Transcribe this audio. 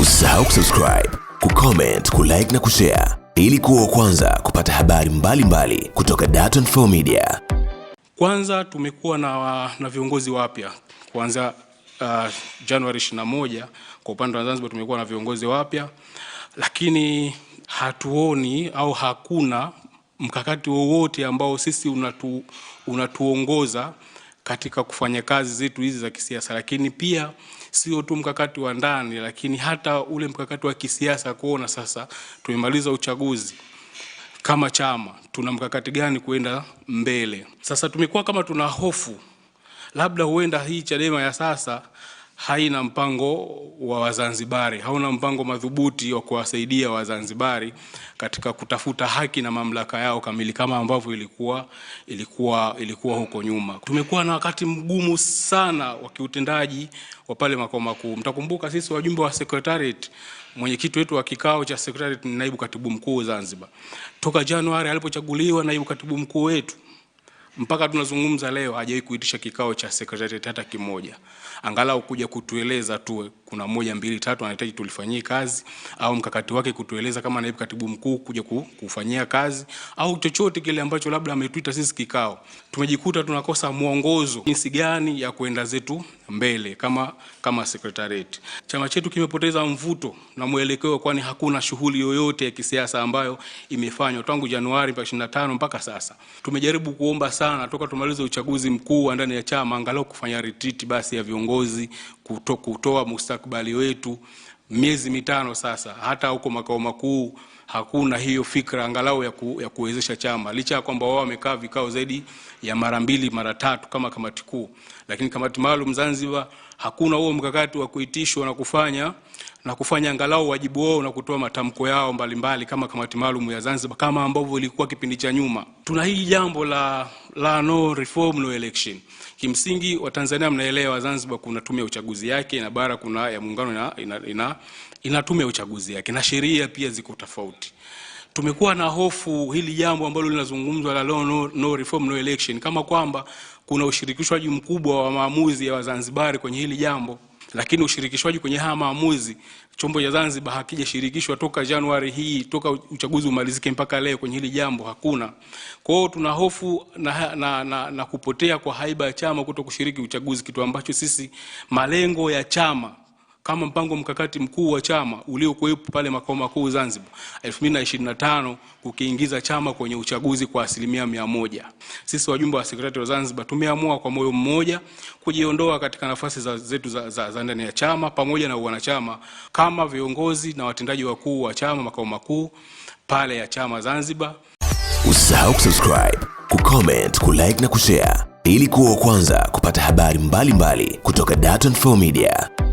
Usisahau kusubscribe, kucomment, kulike na kushare ili kuwa kwanza kupata habari mbalimbali mbali kutoka Dar24 Media. Kwanza tumekuwa na, na viongozi wapya kuanza uh, Januari 21 kwa upande wa Zanzibar tumekuwa na viongozi wapya, lakini hatuoni au hakuna mkakati wowote ambao sisi unatu, unatuongoza katika kufanya kazi zetu hizi za kisiasa, lakini pia sio tu mkakati wa ndani, lakini hata ule mkakati wa kisiasa, kuona sasa tumemaliza uchaguzi kama chama tuna mkakati gani kuenda mbele. Sasa tumekuwa kama tuna hofu labda huenda hii Chadema ya sasa haina mpango wa Wazanzibari, hauna mpango madhubuti wa kuwasaidia Wazanzibari katika kutafuta haki na mamlaka yao kamili kama ambavyo ilikuwa, ilikuwa, ilikuwa huko nyuma. Tumekuwa na wakati mgumu sana wa kiutendaji wa pale makao makuu. Mtakumbuka sisi wajumbe wa secretariat, mwenyekiti wetu wa kikao cha secretariat ni naibu katibu mkuu Zanzibar. Toka Januari alipochaguliwa naibu katibu mkuu wetu mpaka tunazungumza leo hajawahi kuitisha kikao cha sekretarieti hata kimoja, angalau kuja kutueleza tu kuna moja mbili tatu anahitaji tulifanyie kazi, au mkakati wake kutueleza kama naibu katibu mkuu kuja kufanyia kazi, au chochote kile ambacho labda ametuita sisi kikao. Tumejikuta tunakosa mwongozo jinsi gani ya kuenda zetu mbele kama, kama sekretarieti. Chama chetu kimepoteza mvuto na mwelekeo, kwani hakuna shughuli yoyote ya kisiasa ambayo imefanywa tangu Januari mpaka 25 mpaka sasa. Tumejaribu kuomba sana toka tumalize uchaguzi mkuu ndani ya chama, angalau kufanya retreat basi ya viongozi kuto, kutoa mustakabali wetu miezi mitano sasa, hata huko makao makuu hakuna hiyo fikra angalau ya, ku, ya kuwezesha chama, licha ya kwamba wao wamekaa vikao zaidi ya mara mbili mara tatu kama kamati kuu, lakini kamati maalum Zanzibar hakuna huo mkakati wa kuitishwa na kufanya na kufanya angalau wajibu wao na kutoa matamko yao mbalimbali mbali, kama kamati maalum ya Zanzibar kama ambavyo ilikuwa kipindi cha nyuma. Tuna hili jambo la la no reform no election. Kimsingi Watanzania mnaelewa, Zanzibar kuna tume ya uchaguzi yake na bara kuna ya muungano ina, ina, ina, ina tume ya uchaguzi yake na sheria pia ziko tofauti. Tumekuwa na hofu hili jambo ambalo linazungumzwa la no, no reform no election, kama kwamba kuna ushirikishwaji mkubwa wa maamuzi ya Wazanzibari kwenye hili jambo lakini ushirikishwaji kwenye haya maamuzi, chombo cha Zanzibar hakijashirikishwa toka Januari hii, toka uchaguzi umalizike mpaka leo kwenye hili jambo hakuna. Kwa hiyo tuna hofu na, na, na, na kupotea kwa haiba ya chama kuto kushiriki uchaguzi, kitu ambacho sisi malengo ya chama kama mpango mkakati mkuu wa chama uliokuwepo pale makao makuu Zanzibar 2025 kukiingiza chama kwenye uchaguzi kwa asilimia mia moja. Sisi wajumbe wa sekretari wa Zanzibar tumeamua kwa moyo mmoja kujiondoa katika nafasi za, zetu za, za, za ndani ya chama pamoja na wanachama kama viongozi na watendaji wakuu wa chama makao makuu pale ya chama Zanzibar. Usisahau kusubscribe, kucomment, kulike na kushare ili kuwa wa kwanza kupata habari mbalimbali mbali kutoka Dar24 Media.